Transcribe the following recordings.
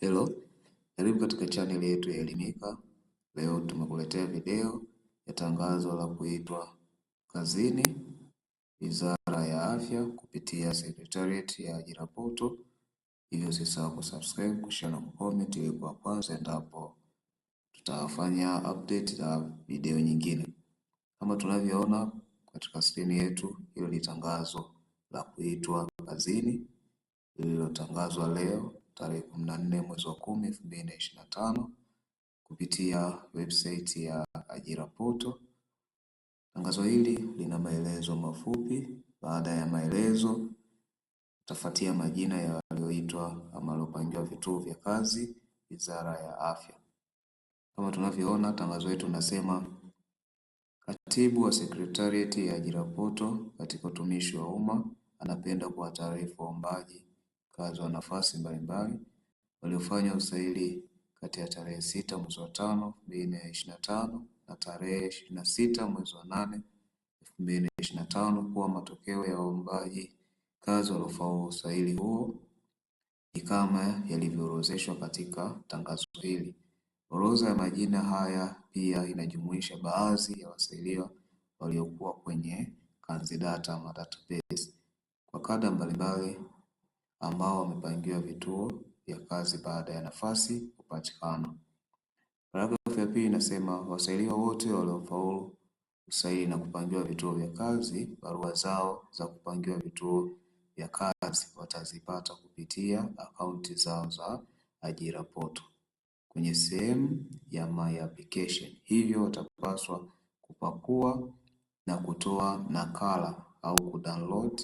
Hello, karibu katika channel yetu ya Elimika. Leo tumekuletea video ya tangazo la kuitwa kazini Wizara ya Afya kupitia Secretariat ya Ajira Portal. Hivyo usisahau kusubscribe, kushare na kucomment ili kwa kwanza endapo tutafanya update za video nyingine. Kama tunavyoona katika skrini yetu, hilo ni tangazo la kuitwa kazini lililotangazwa leo tarehe kumi na nne mwezi wa kumi na na tano kupitia website ya Ajira Portal. Tangazo hili lina maelezo mafupi. Baada ya maelezo, utafuatia majina ya walioitwa ama waliopangiwa vituo vya kazi Wizara ya Afya. Kama tunavyoona tangazo letu nasema Katibu wa Sekretarieti ya Ajira Portal katika utumishi wa umma anapenda kuwataarifu waombaji wafanyakazi wa nafasi mbalimbali waliofanya usaili kati ya tarehe sita mwezi wa tano elfu mbili na ishirini na tano na tarehe ishirini na sita mwezi wa nane elfu mbili na ishirini na tano kuwa matokeo ya waombaji kazi waliofaulu usaili huo ni kama yalivyoorodheshwa katika tangazo hili. Orodha ya majina haya pia inajumuisha baadhi ya wasailiwa waliokuwa kwenye kanzidata ama database kwa kada mbalimbali ambao wamepangiwa vituo vya kazi baada ya nafasi kupatikana. Paragrafu ya pili inasema wasailiwa wote waliofaulu usaili na kupangiwa vituo vya kazi, barua zao za kupangiwa vituo vya kazi watazipata kupitia akaunti zao za ajira poto kwenye sehemu ya my application, hivyo watapaswa kupakua na kutoa nakala au kudownload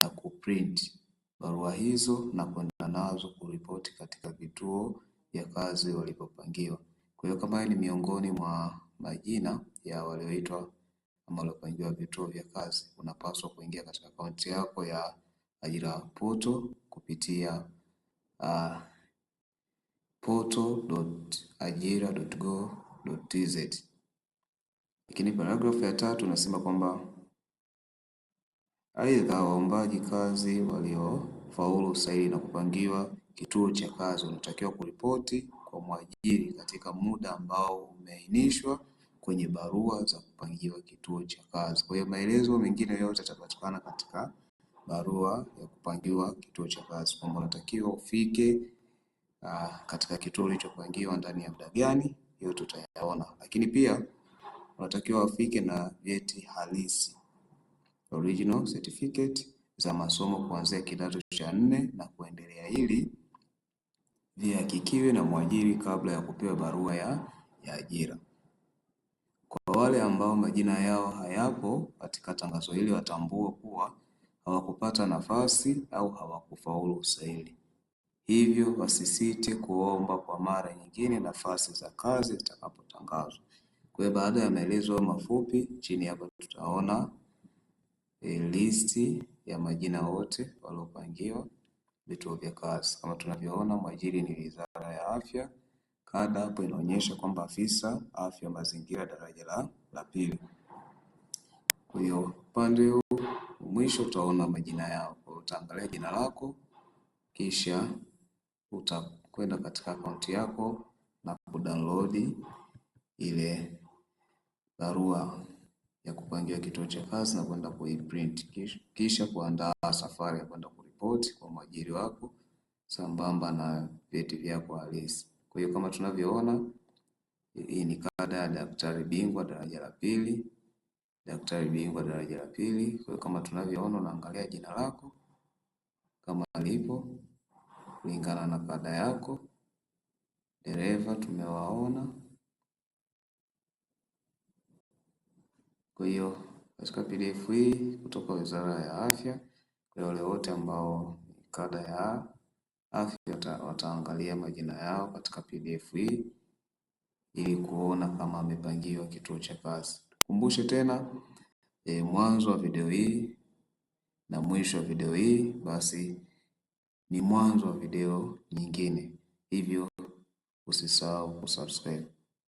na kuprint barua hizo na kwenda nazo kuripoti katika vituo vya kazi walipopangiwa. Kwa hiyo kama ni miongoni mwa majina ya walioitwa ama waliopangiwa vituo vya kazi, unapaswa kuingia katika akaunti yako ya ajira poto kupitia uh, ah, poto.ajira.go.tz. Lakini paragrafu ya tatu unasema kwamba aidha waombaji kazi walio kufaulu usaili na kupangiwa kituo cha kazi unatakiwa kuripoti kwa mwajiri katika muda ambao umeainishwa kwenye barua za kupangiwa kituo cha kazi. Kwa hiyo maelezo mengine yote yatapatikana katika barua ya kupangiwa kituo cha kazi kwamba unatakiwa ufike uh, katika kituo ulichopangiwa ndani ya muda gani, yote utayaona, lakini pia unatakiwa ufike na vyeti halisi original certificate za masomo kuanzia kidato cha nne na kuendelea ili vihakikiwe na mwajiri kabla ya kupewa barua ya, ya ajira. Kwa wale ambao majina yao hayapo katika tangazo hili watambue kuwa hawakupata nafasi au hawakufaulu usaili, hivyo wasisite kuomba kwa mara nyingine nafasi za kazi zitakapotangazwa. Kwa baada ya maelezo mafupi chini hapa tutaona e, listi ya majina wote waliopangiwa vituo vya kazi. Kama tunavyoona mwajiri ni Wizara ya Afya. Kada hapo inaonyesha kwamba afisa afya mazingira daraja la la pili. Kwa hiyo upande huu mwisho utaona majina yao, utaangalia jina lako kisha utakwenda katika akaunti yako na kudownload ile barua ya kupangia kituo cha kazi na kwenda kuiprint, kisha kuandaa safari ya kwenda kuripoti kwa mwajiri wako sambamba na vyeti vyako halisi. Kwa hiyo kama tunavyoona, hii ni kada ya daktari bingwa daraja la pili, daktari bingwa daraja la pili. Kwa hiyo kama tunavyoona, unaangalia jina lako kama lipo kulingana na kada yako. Dereva tumewaona. Kwa hiyo katika PDF hii kutoka Wizara ya Afya, kwa wale wote ambao kada ya afya wataangalia majina yao katika PDF hii ili kuona kama amepangiwa kituo cha kazi. Kumbushe tena e, mwanzo wa video hii na mwisho wa video hii basi ni mwanzo wa video nyingine, hivyo usisahau kusubscribe.